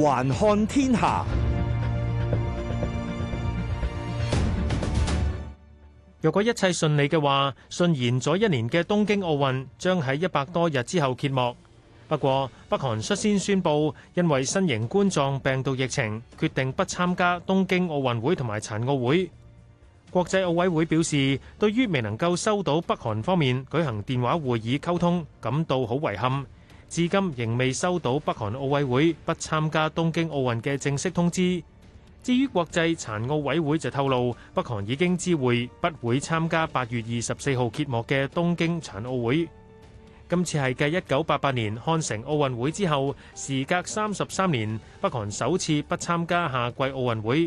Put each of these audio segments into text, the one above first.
環看天下。若果一切順利嘅話，順延咗一年嘅東京奧運將喺一百多日之後揭幕。不過，北韓率先宣布，因為新型冠狀病毒疫情，決定不參加東京奧運會同埋殘奧會。國際奧委會表示，對於未能夠收到北韓方面舉行電話會議溝通，感到好遺憾。至今仍未收到北韓奧委會不參加東京奧運嘅正式通知。至於國際殘奧委會就透露，北韓已經知會不會參加八月二十四號揭幕嘅東京殘奧會。今次係繼一九八八年漢城奧運會之後，時隔三十三年，北韓首次不參加夏季奧運會。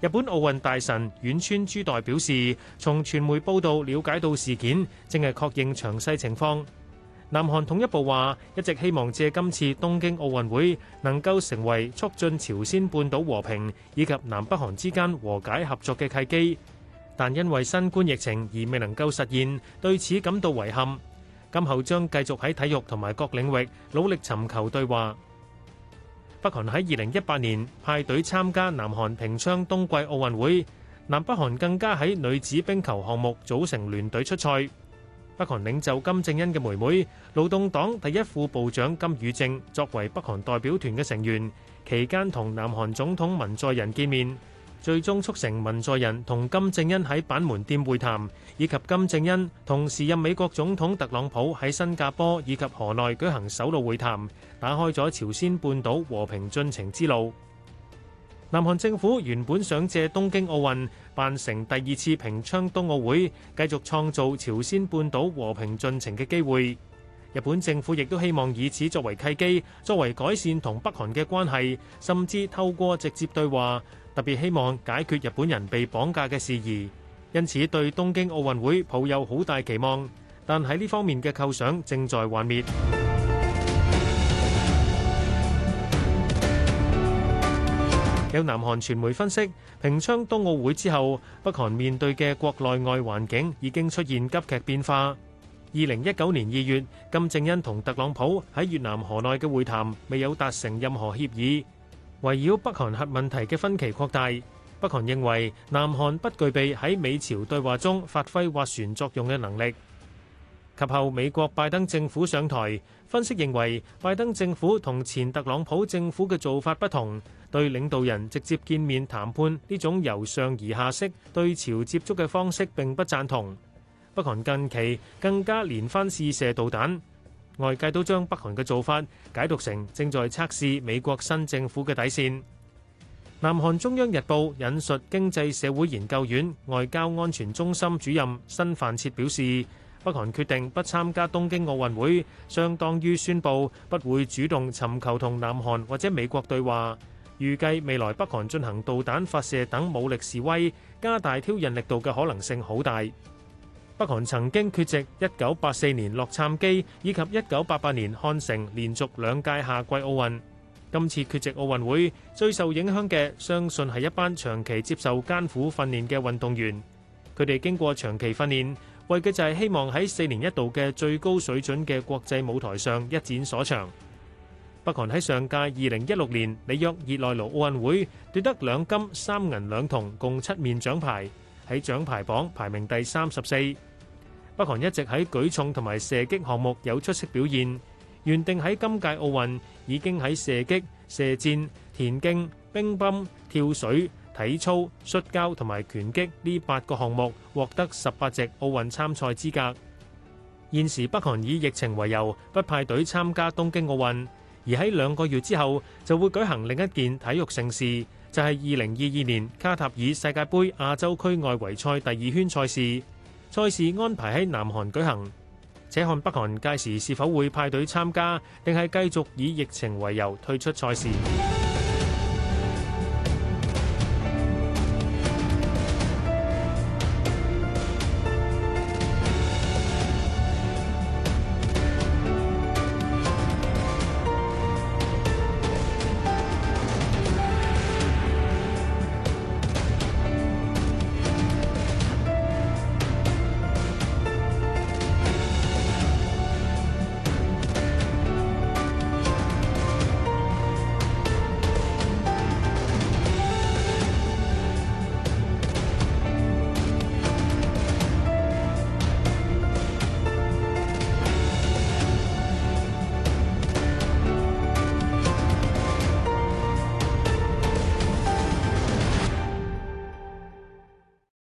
日本奧運大臣遠川珠代表示，從傳媒報道了解到事件，正係確認詳細情況。南韓統一部話：一直希望借今次東京奧運會能夠成為促進朝鮮半島和平以及南北韓之間和解合作嘅契機，但因為新冠疫情而未能夠實現，對此感到遺憾。今後將繼續喺體育同埋各領域努力尋求對話。北韓喺二零一八年派隊參加南韓平昌冬季奧運會，南北韓更加喺女子冰球項目組成聯隊出賽。北韓領袖金正恩嘅妹妹、勞動黨第一副部長金與正作為北韓代表團嘅成員，期間同南韓總統文在寅見面，最終促成文在寅同金正恩喺板門店會談，以及金正恩同時任美國總統特朗普喺新加坡以及河內舉行首腦會談，打開咗朝鮮半島和平進程之路。南韓政府原本想借東京奧運辦成第二次平昌冬奧會，繼續創造朝鮮半島和平進程嘅機會。日本政府亦都希望以此作為契機，作為改善同北韓嘅關係，甚至透過直接對話，特別希望解決日本人被綁架嘅事宜。因此對東京奧運會抱有好大期望，但喺呢方面嘅構想正在幻滅。有南韓傳媒分析，平昌冬奧會之後，北韓面對嘅國內外環境已經出現急劇變化。二零一九年二月，金正恩同特朗普喺越南河內嘅會談未有達成任何協議，圍繞北韓核問題嘅分歧擴大。北韓認為，南韓不具備喺美朝對話中發揮划船作用嘅能力。及後，美國拜登政府上台，分析認為拜登政府同前特朗普政府嘅做法不同，對領導人直接見面談判呢種由上而下式對朝接觸嘅方式並不贊同。北韓近期更加連番試射導彈，外界都將北韓嘅做法解讀成正在測試美國新政府嘅底線。南韓中央日報引述經濟社會研究院外交安全中心主任申範徹表示。北韓決定不參加東京奧運會，相當於宣佈不會主動尋求同南韓或者美國對話。預計未來北韓進行導彈發射等武力示威，加大挑釁力度嘅可能性好大。北韓曾經缺席一九八四年洛杉磯以及一九八八年漢城連續兩屆夏季奧運。今次缺席奧運會最受影響嘅，相信係一班長期接受艱苦訓練嘅運動員。佢哋經過長期訓練。為嘅就係希望喺四年一度嘅最高水準嘅國際舞台上一展所長。北韓喺上屆二零一六年里約熱內盧奧運會奪得兩金三銀兩銅，共七面獎牌，喺獎牌榜排名第三十四。北韓一直喺舉重同埋射擊項目有出色表現，原定喺今屆奧運已經喺射擊、射箭、田徑、乒乓、跳水、體操、摔跤同埋拳擊呢八個項目獲得十八席奧運參賽資格。現時北韓以疫情為由不派隊參加東京奧運，而喺兩個月之後就會舉行另一件體育盛事，就係二零二二年卡塔爾世界盃亞洲區外圍賽第二圈賽事。賽事安排喺南韓舉行，且看北韓屆時是否會派隊參加，定係繼續以疫情為由退出賽事。